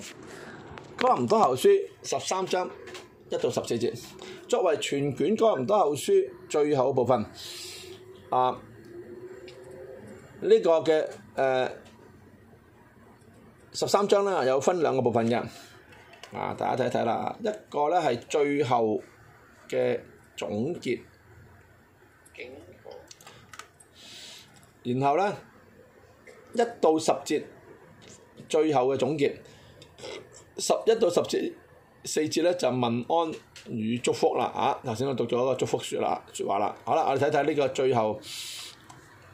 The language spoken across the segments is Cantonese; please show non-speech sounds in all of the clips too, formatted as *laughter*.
《哥林多後書》十三章一到十四節，作為全卷《哥林多後書》最後嘅部分啊，這個呃、13呢個嘅誒十三章咧有分兩個部分嘅啊，大家睇睇啦，一個咧係最後嘅總結，然後咧一到十節最後嘅總結。十一到十四節咧就問、是、安與祝福啦嚇，頭先我讀咗個祝福説啦説話啦，好啦，我哋睇睇呢個最後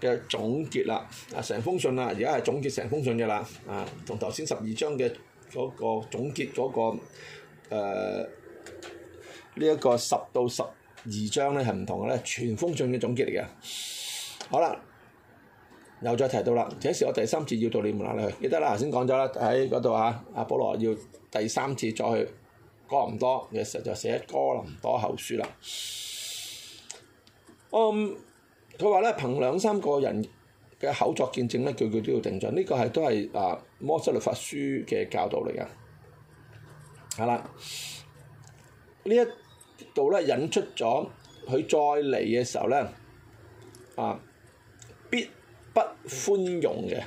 嘅總結啦，啊成封信啦，而家係總結成封信嘅啦，啊同頭先十二章嘅嗰個總結嗰、那個呢一、呃這個十到十二章咧係唔同嘅咧，全封信嘅總結嚟嘅，好啦。又再提到啦，這是我第三次要到你們那裏去，記得啦。頭先講咗啦，喺嗰度嚇，阿保羅要第三次再去，哥林多嘅時候就寫《哥林多後書》啦。哦，佢話咧，憑兩三個人嘅口作見證咧，句句都要定準。呢個係都係啊摩西律法書嘅教導嚟嘅，係啦。呢一度咧引出咗佢再嚟嘅時候咧，啊必。不寬容嘅，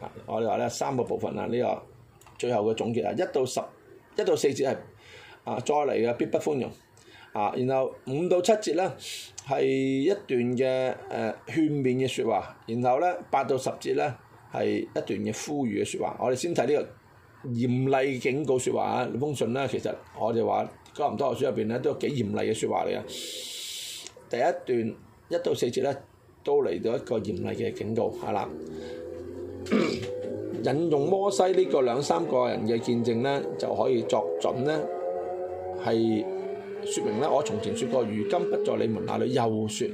啊！我哋話咧三個部分啊，呢、這個最後嘅總結啊，一到十，一到四節係啊，再嚟嘅必不寬容，啊，然後五到七節咧係一段嘅誒勸勉嘅説話，然後咧八到十節咧係一段嘅呼籲嘅説話。我哋先睇呢個嚴厲警告説話啊，呢封信咧其實我哋話《哥林多後書》入邊咧都幾嚴厲嘅説話嚟啊，第一段一到四節咧。都嚟到一個嚴厲嘅警告，係啦。 *coughs* 引用摩西呢個兩三個人嘅見證呢，就可以作準呢係説明呢，我從前説過，如今不在你們那裡，又説，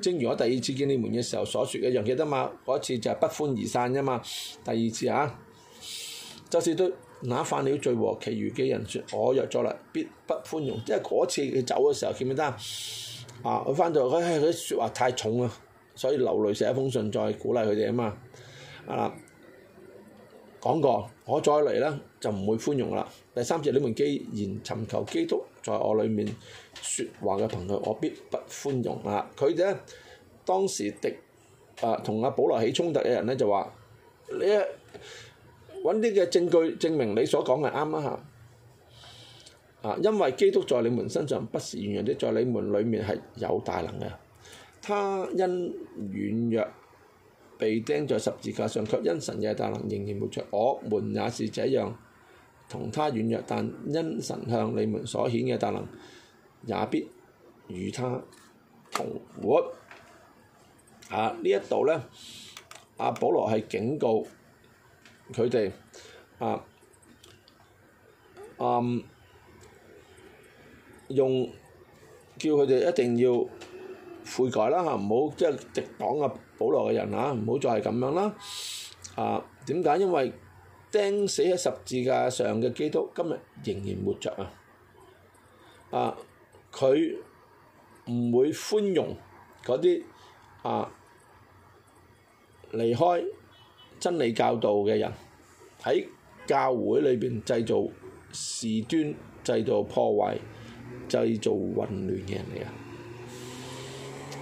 正如我第二次見你們嘅時候所説一樣嘅，記得嘛？嗰次就係不歡而散咋嘛？第二次啊，就是對那犯了罪和其餘嘅人説，我約咗啦，必不寬容。即係嗰次佢走嘅時候記唔記得啊？佢翻到去，佢啲説話太重啊！所以流淚寫一封信，再鼓勵佢哋啊嘛，啊講過，我再嚟咧就唔會寬容啦。第三節，你們既然尋求基督在我裏面説話嘅憑據，我必不寬容啊！佢哋咧當時敵啊同阿保羅起衝突嘅人咧就話，你啊揾啲嘅證據，證明你所講係啱啊嚇啊，因為基督在你們身上不是軟弱的，在你們裡面係有大能嘅。他因軟弱被釘在十字架上，卻因神嘅大能仍然活着。我們也是這樣，同他軟弱，但因神向你們所顯嘅大能，也必與他同活。啊，呢一度呢，阿保羅係警告佢哋，啊，啊，用叫佢哋一定要。悔改啦嚇，唔好即係敵黨啊，保羅嘅人啊，唔好再係咁樣啦。啊，點解？因為釘死喺十字架上嘅基督，今日仍然活着啊！啊，佢唔會寬容嗰啲啊離開真理教導嘅人，喺教會裏邊製造事端、製造破壞、製造混亂嘅人嚟啊！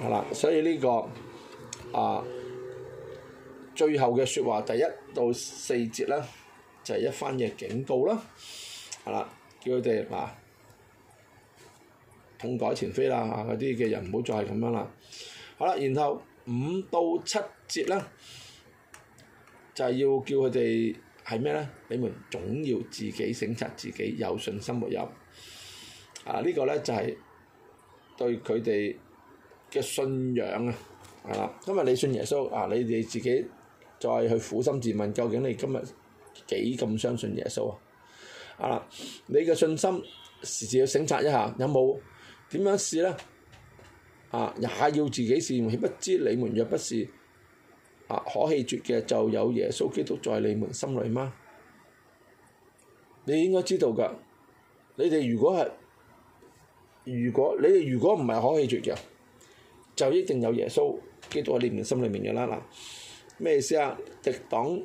係啦，所以呢，這個啊最後嘅說話，第一到四節咧，就係、是、一番嘅警告啦。係啦，叫佢哋啊痛改前非啦，嗰啲嘅人唔好再係咁樣啦。好啦，然後五到七節咧，就係、是、要叫佢哋係咩咧？你們總要自己省察自己，有信心沒有？啊，這個、呢個咧就係、是、對佢哋。嘅信仰啊，係啦，今日你信耶穌啊，你哋自己再去苦心自問，究竟你今日幾咁相信耶穌啊？啊，你嘅信心時時要省察一下，有冇點樣試咧？啊，也要自己試，豈不知你們若不是啊可棄絕嘅，就有耶穌基督在你們心裏嗎？你應該知道㗎，你哋如果係如果你哋如果唔係可棄絕嘅。就一定有耶穌基督喺你哋心裏面嘅啦，嗱，咩意思啊？敵黨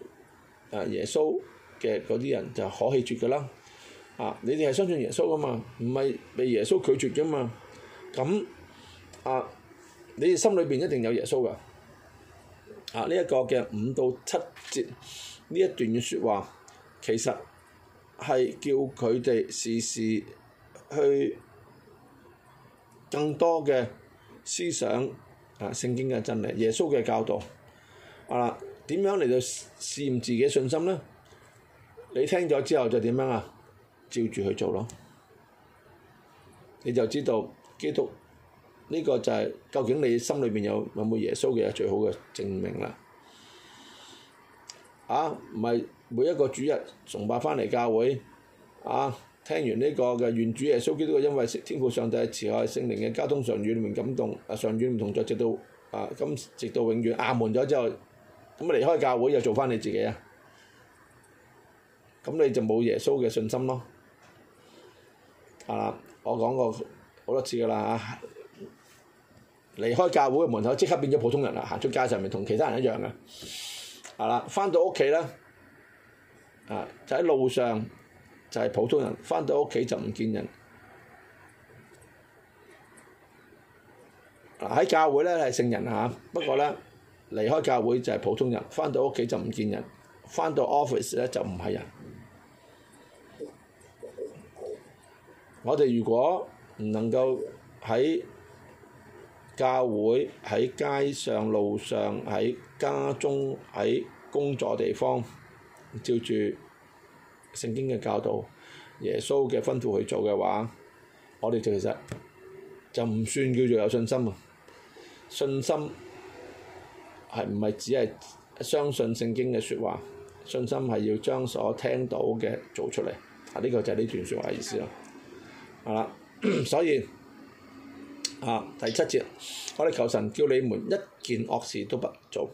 啊耶穌嘅嗰啲人就可棄絕嘅啦，啊你哋係相信耶穌嘅嘛，唔係被耶穌拒絕嘅嘛，咁啊你哋心裏邊一定有耶穌嘅，啊呢一個嘅五到七節呢一段嘅説話，其實係叫佢哋時時去更多嘅。思想啊，聖經嘅真理，耶穌嘅教導，啊，點樣嚟到試驗自己信心呢？你聽咗之後就點樣啊？照住去做咯，你就知道基督呢、呢個就係、係、究竟你心裏面有有冇耶穌嘅最好嘅證明啦、啊。啊，唔係每一個主日崇拜翻嚟教會，啊。聽完呢個嘅，願主耶穌基督，因為天父上帝慈愛聖靈嘅交通上遠面感動，啊上遠唔同咗，直到啊咁直到永遠阿門咗之後，咁啊離開教會又做返你自己啊，咁你就冇耶穌嘅信心咯，啊我講過好多次噶啦，離開教會嘅門口即刻變咗普通人啦，行出街上面同其他人一樣嘅，係啦，返到屋企咧，啊，啊就喺路上。就係普通人，返到屋企就唔見人。嗱，喺教會咧，係聖人嚇，不過咧，離開教會就係普通人，返到屋企就唔見人，返到 office 咧，就唔係人。我哋如果唔能夠喺教會、喺街上、路上、喺家中、喺工作地方照住聖經嘅教導，耶穌嘅吩咐去做嘅話，我哋其實就唔算叫做有信心啊！信心係唔係只係相信聖經嘅説話？信心係要將所聽到嘅做出嚟。啊，呢、這個就係呢段説話嘅意思啦。係、嗯、啦，所以啊，第七節，我哋求神叫你們一件惡事都不做，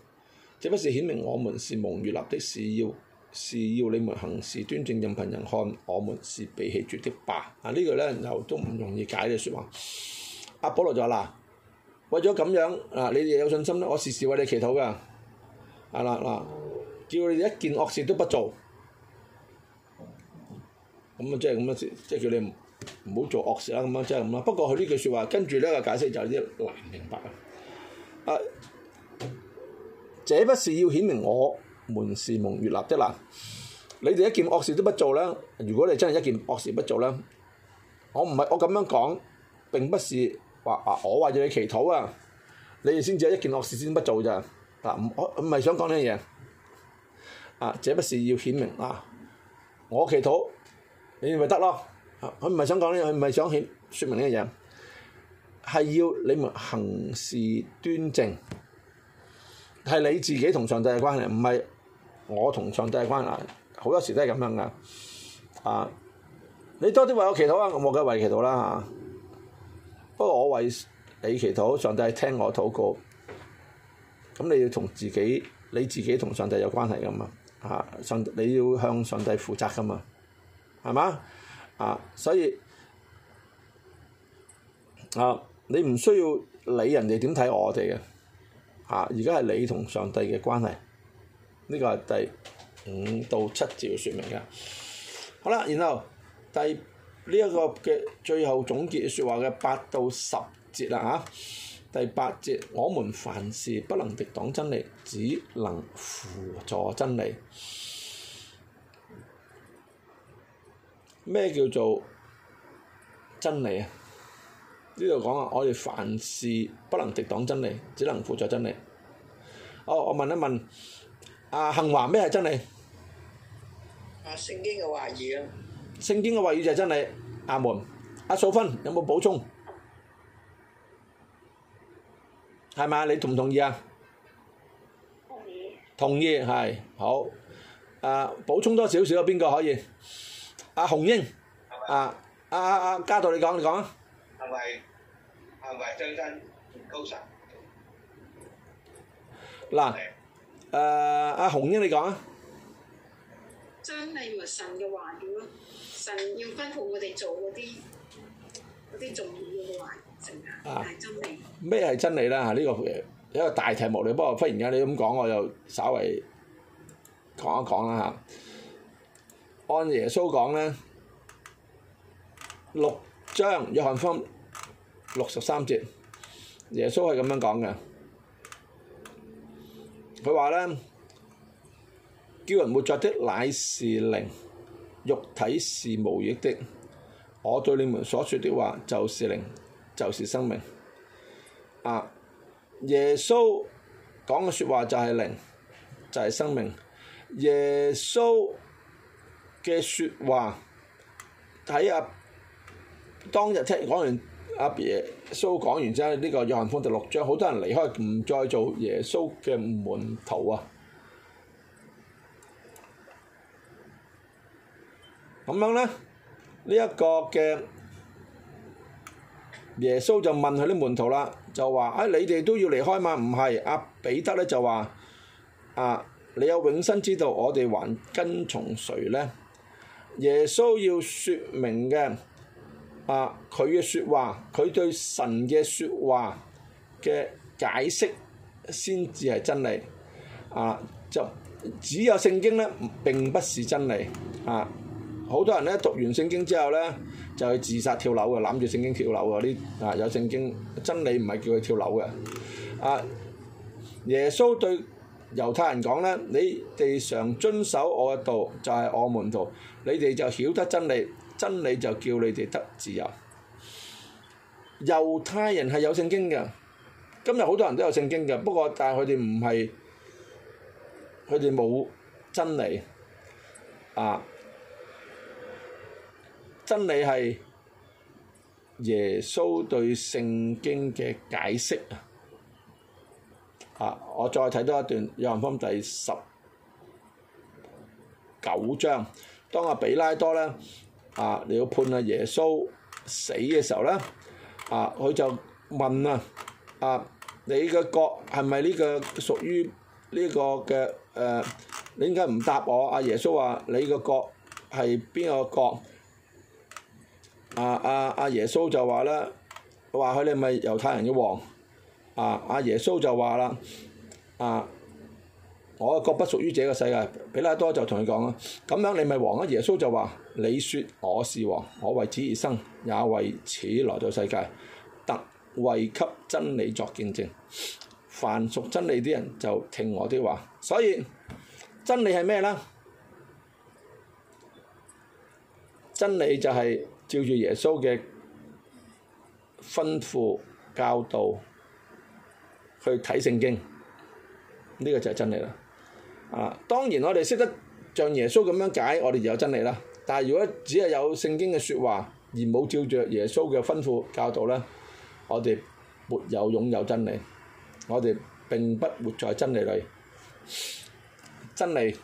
這不是顯明我們是蒙悅納的，是要。是要你們行事端正，任憑人看，我們是被棄絕的吧？啊，句呢句咧又都唔容易解嘅説話。阿、啊、保羅就話嗱、啊，為咗咁樣啊，你哋有信心咧，我時時為你祈禱㗎。啊嗱嗱，只、啊、要、啊、你哋一件惡事都不做，咁啊即係咁樣，即、就、係、是、叫你唔好做惡事啦。咁樣即係咁啦。不過佢呢句説話跟住呢個解釋就一、是、難明白啊！啊，這不是要顯明我。門是蒙月立的啦，你哋一件惡事都不做咧。如果你真係一件惡事不做咧，我唔係我咁樣講，並不是話我話要你祈禱啊，你哋先至一件惡事先不做咋，嗱我唔係想講呢樣嘢啊！這不是要顯明啊，我祈禱你哋咪得咯，佢唔係想講呢樣，佢唔係想顯説明呢樣嘢，係要你們行事端正，係你自己同上帝嘅關係，唔係。我同上帝嘅關係，好多時都係咁樣噶。啊，你多啲為我祈禱啊！我梗係為祈禱啦嚇。不過我為你祈禱，上帝係聽我禱告。咁你要同自己，你自己同上帝有關係噶嘛？嚇、啊，上你要向上帝負責噶嘛？係嘛？啊，所以啊，你唔需要理人哋點睇我哋嘅。嚇、啊！而家係你同上帝嘅關係。呢個係第五到七節嘅説明啦。好啦，然後第呢一，這個嘅最後總結説話嘅八到十節啦吓，第八節，我們凡事不能敵擋真理，只能輔助真理。咩叫做真理啊？呢度講啊，我哋凡事不能敵擋真理，只能輔助真理。哦，我問一問。啊！恆華咩係真理？啊！聖經嘅話語咯。聖經嘅話語就係真理。阿門。阿素芬，有冇補充？係咪啊？你同唔同意啊？同意。同意係好。啊！補充多少少啊？邊個可以？阿紅英。啊！阿阿阿嘉道，你講你講啊。係咪？係咪最新高神？嗱。誒，阿紅英，你講啊？真理咪神嘅話語咯，神要吩咐我哋做嗰啲，嗰啲重要嘅話，成日係真理。咩係真理啦？呢個一個大題目嚟，不過忽然間你咁講，我又稍為講一講啦嚇。按耶穌講咧，六章約翰福音六十三節，耶穌係咁樣講嘅。佢話咧，叫人活著的乃是靈，肉體是無益的。我對你們所說的話就是靈，就是生命。啊，耶穌講嘅説話就係靈，就係生命。耶穌嘅説話喺啊當日聽講完阿爺，耶穌講完之後，呢、這個約翰福音第六章，好多人離開，唔再做耶穌嘅門徒啊！咁樣呢，呢、這、一個嘅耶穌就問佢啲門徒啦，就話：，啊、哎，你哋都要離開嘛？唔係，阿彼得咧就話：，啊，你有永生之道，我哋還跟從誰呢？耶穌要説明嘅。啊！佢嘅説話，佢對神嘅説話嘅解釋先至係真理。啊，就只有聖經咧，並不是真理。啊，好多人咧讀完聖經之後咧，就去自殺跳樓嘅，攬住聖經跳樓嘅呢。啊，有聖經真理唔係叫佢跳樓嘅。啊，耶穌對猶太人講咧：，你哋常遵守我嘅道，就係我門徒，你哋就曉得真理。真理就叫你哋得自由。猶太人係有聖經嘅，今日好多人都有聖經嘅，不過但係佢哋唔係，佢哋冇真理。啊，真理係耶穌對聖經嘅解釋啊！啊，我再睇多一段《約翰福音》第十九章，當阿比拉多咧。啊！你要判阿耶穌死嘅時候咧，啊，佢就問啊，啊，你個國係咪呢個屬於呢個嘅誒、啊？你點解唔答我？阿、啊、耶穌話：你個國係邊個國？啊啊阿耶穌就話啦，話佢哋咪猶太人嘅王。啊！阿、啊、耶穌就話啦，啊！我個國不屬於這個世界，彼拉多就同佢講啦。咁樣你咪王啊！耶穌就話：你説我是王，我為此而生，也為此來到世界，特為給真理作見證。凡屬真理啲人就聽我啲話。所以真理係咩呢？真理就係照住耶穌嘅吩咐教導去睇聖經，呢個就係真理啦。啊！當然我哋識得像耶穌咁樣解，我哋就有真理啦。但係如果只係有聖經嘅説話而冇照著耶穌嘅吩咐教導咧，我哋沒有擁有真理，我哋並不活在真理裏。真理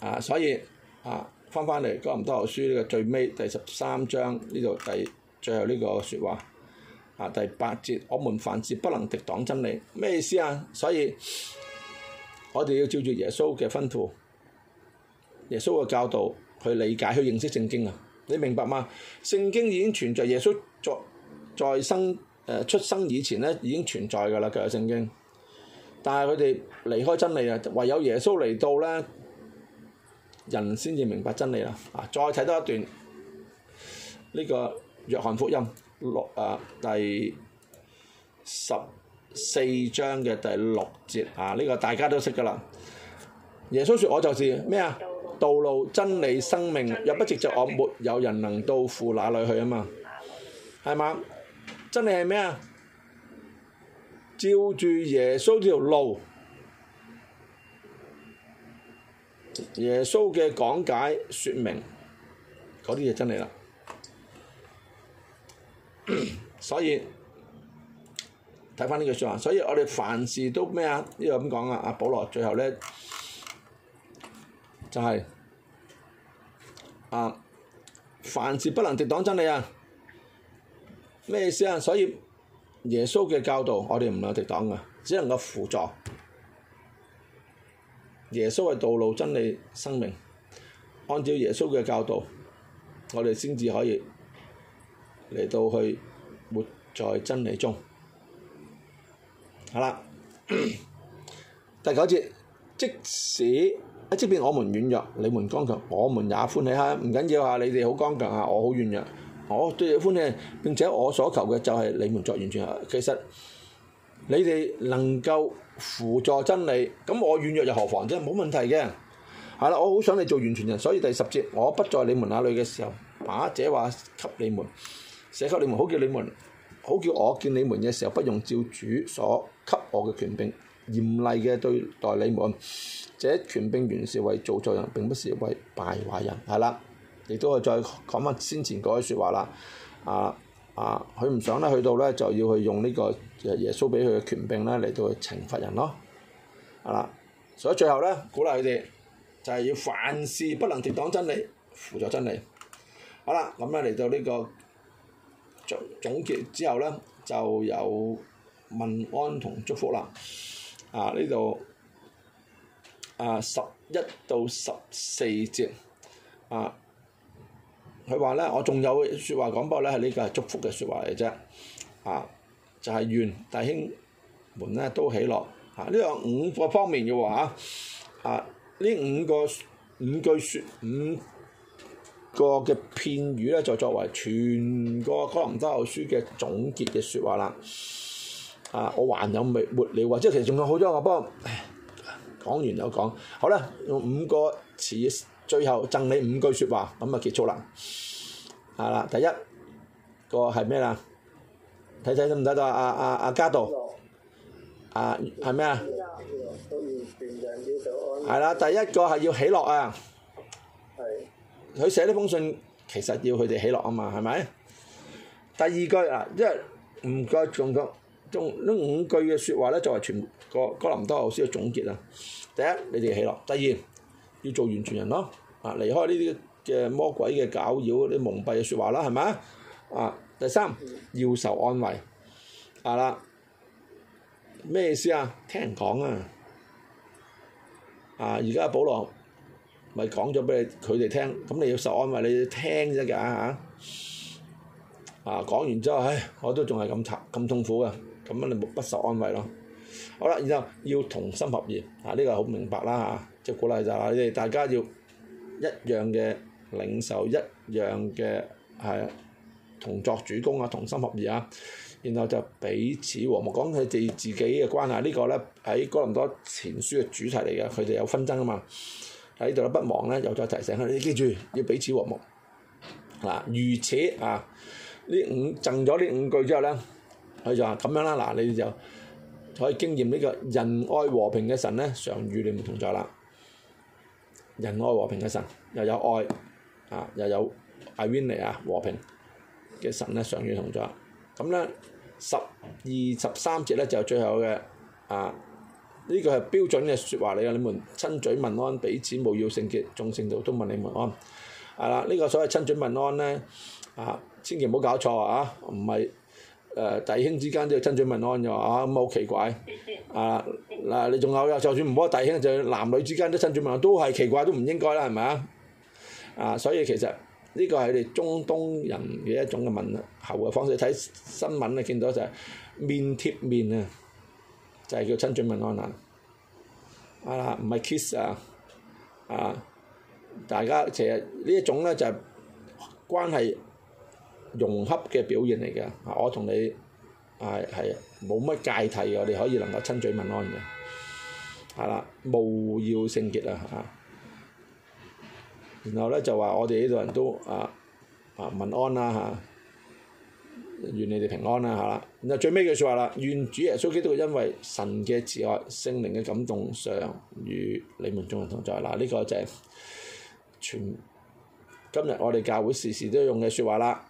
啊！所以啊，翻翻嚟《哥林多後書》呢個最尾第十三章呢度第最後呢個説話啊，第八節：我們凡事不能敵擋真理，咩意思啊？所以我哋要照住耶穌嘅吩咐，耶穌嘅教導去理解去認識聖經啊！你明白嗎？聖經已經存在，耶穌在在生誒、呃、出生以前咧已經存在㗎啦，佢係聖經。但係佢哋離開真理啊，唯有耶穌嚟到咧，人先至明白真理啦。啊，再睇多一段呢、呢個約翰福音六誒、呃、第十。四章嘅第六節啊，呢、這個大家都識噶啦。耶穌說：我就是咩啊？道路、真理、生命，若不藉著我，沒有人能到父那裡去啊嘛。係嘛？真理係咩啊？照住耶穌條路，耶穌嘅講解、説明，嗰啲嘢真理啦。所以。睇返呢句說話，所以我哋凡事都咩、這個、啊？呢個咁講啊！阿保羅最後咧，就係、是、啊，凡事不能敵擋真理啊！咩意思啊？所以耶穌嘅教導，我哋唔能夠敵擋嘅，只能夠扶助耶穌嘅道路、真理、生命。按照耶穌嘅教導，我哋先至可以嚟到去活在真理中。係啦，第九節，即使即便我們軟弱，你們剛強，我們也歡喜哈，唔緊要啊，你哋好剛強啊，我好軟弱，我對你歡喜。並且我所求嘅就係你們作完全人，其實你哋能夠輔助真理，咁我軟弱又何妨啫？冇問題嘅。係啦，我好想你做完全人，所以第十節，我不在你們那裏嘅時候，把這話給你們，寫給你們，好叫你們，好叫我見你們嘅時候不用照主所給我嘅權柄，嚴厲嘅對待你們。這權柄原是為造就人，並不是為敗壞人。係啦，亦都係再講翻先前嗰句説話啦。啊啊，佢唔想咧，去到咧就要去用呢個耶耶穌俾佢嘅權柄咧嚟到去懲罰人咯。係啦，所以最後咧鼓勵佢哋就係要凡事不能敵擋真理，輔助真理。好啦，咁咧嚟到呢個總總結之後咧就有，問安同祝福啦，啊呢度啊十一到十四節啊，佢話咧，我仲有説話講波咧，係呢個係祝福嘅説話嚟啫，啊就係願弟兄們咧都喜樂，啊呢個五個方面嘅話，啊呢五個五句説五個嘅片語咧，就作為全個《哥林多後書》嘅總結嘅説話啦。啊！我還有未沒了喎，即係其實仲有好多我不過講完就講，好啦，用五個詞，最後贈你五句説話，咁就結束啦。啊啦，第一個係咩啦？睇睇得唔得到啊啊啊加道啊係咩啊？係啦，第一個係要喜樂啊。係。佢寫呢封信，其實要佢哋喜樂啊嘛，係咪？第二句嗱，即係唔該仲講。仲呢五句嘅説話咧，作為全個哥林多後書嘅總結啊！第一，你哋喜樂；第二，要做完全人咯，啊，離開呢啲嘅魔鬼嘅攪擾、啲蒙蔽嘅説話啦，係咪啊？啊，第三要受安慰，啊啦，咩意思啊？聽人講啊，啊，而家阿保羅咪講咗俾佢哋聽，咁你要受安慰，你要聽啫㗎嚇！啊，講完之後，唉，我都仲係咁慘咁痛苦嘅。咁樣你冇不受安慰咯，好啦，然後要同心合意，啊呢個好明白啦嚇，即係鼓勵就係你哋大家要一樣嘅領受一樣嘅係同作主工啊，同心合意啊，然後就彼此和睦，講佢哋自己嘅關係，呢個咧喺哥林多前書嘅主題嚟嘅，佢哋有紛爭啊嘛，喺度咧不忘咧又再提醒佢，你記住要彼此和睦，嗱，而且啊呢五贈咗呢五句之後咧。佢就話咁樣啦，嗱，你就可以經驗呢個仁愛和平嘅神咧，常與你們同在啦。仁愛和平嘅神又有愛，啊又有愛 w i n n 啊和平嘅神咧，常與同在。咁咧十二十三節咧就最後嘅啊，呢個係標準嘅説話嚟嘅，你們親嘴問安，彼此無要聖潔，眾聖徒都問你們安。係、啊、啦，呢、這個所謂親嘴問安咧，啊，千祈唔好搞錯啊，唔係。誒弟兄之間都要親嘴問安又啊，咁好奇怪啊！嗱，你仲有又就算唔好弟兄就男女之間都親嘴問安都係奇怪，都唔應該啦，係咪啊？啊，所以其實呢個係你中東人嘅一種嘅問候嘅方式。睇新聞啊，見到就係面貼面啊，就係叫親嘴問安啊。啊，唔係 kiss 啊，啊，大家其實呢一種咧就係關係。融洽嘅表現嚟嘅，啊，我同你係係冇乜界題，我哋可以能夠親嘴問安嘅，係啦，務要聖潔啊嚇，然後咧就話我哋呢度人都啊啊問安啦嚇、啊，願你哋平安啦嚇、啊，然後最尾嘅説話啦，願主耶穌基督因為神嘅慈愛、聖靈嘅感動，常與你們眾人同在。嗱、啊、呢、這個就係全。今日我哋教會時時都用嘅説話啦，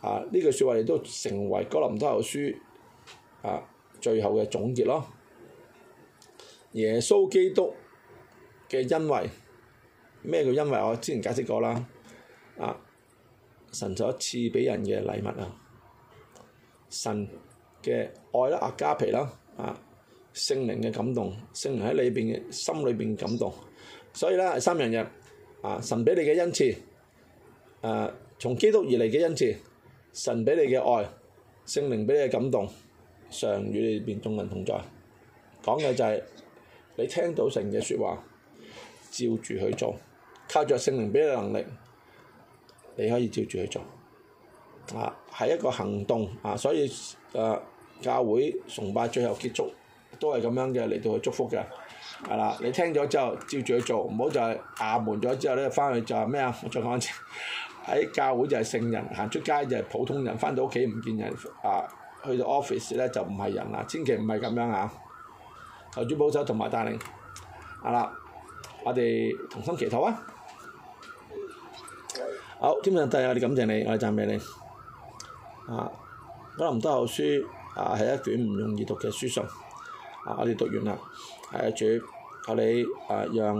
啊呢句説話亦都成為《哥林多後書》啊最後嘅總結咯。耶穌基督嘅恩惠，咩叫恩惠？我之前解釋過啦，啊神所賜俾人嘅禮物啊，神嘅愛啦、阿加皮啦、啊聖靈嘅感動，聖靈喺裏邊嘅心裏邊感動，所以咧三樣嘢啊神俾你嘅恩賜。誒、啊，從基督而嚟嘅恩賜，神俾你嘅愛，聖靈俾你嘅感動，常與你哋眾人同在。講嘅就係、是、你聽到神嘅説話，照住去做，靠著聖靈俾你嘅能力，你可以照住去做。啊，係一個行動啊，所以誒、啊，教會崇拜最後結束都係咁樣嘅嚟到去祝福嘅，係啦。你聽咗之後，照住去做，唔好就係阿們咗之後咧，翻去就係咩啊？我再講一次。喺教會就係聖人，行出街就係普通人，翻到屋企唔見人，啊，去到 office 咧就唔係人啦，千祈唔係咁樣啊！求主保守同埋帶領，好、啊、啦，我哋同心祈禱啊！好，天父上帝，我哋感謝你，我哋讚美你，啊，《哥林多後書》啊係一卷唔容易讀嘅書信，啊我哋讀完啦，係、啊、主，求你啊讓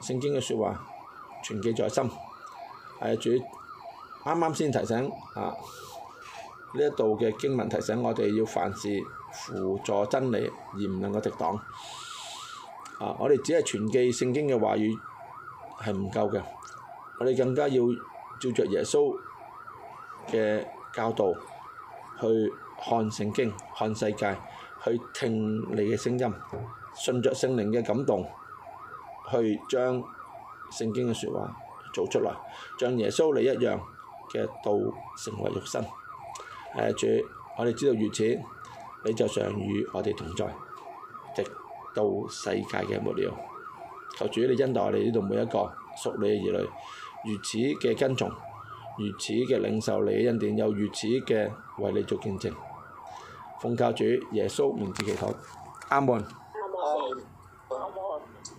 聖經嘅説話存記在心，係、啊、主。啱啱先提醒啊！呢一度嘅經文提醒我哋要凡事扶助真理，而唔能夠敵擋啊！我哋只係傳記聖經嘅話語係唔夠嘅，我哋更加要照著耶穌嘅教導去看聖經、看世界，去聽你嘅聲音，順著聖靈嘅感動去將聖經嘅説話做出嚟，像耶穌你一樣。嘅道成為肉身，誒主，我哋知道如此，你就常與我哋同在，直到世界嘅末了。求主你恩待我哋呢度每一個屬你嘅兒女，如此嘅跟從，如此嘅領受你嘅恩典，又如此嘅為你做見證。奉靠主耶穌名字祈禱，阿門。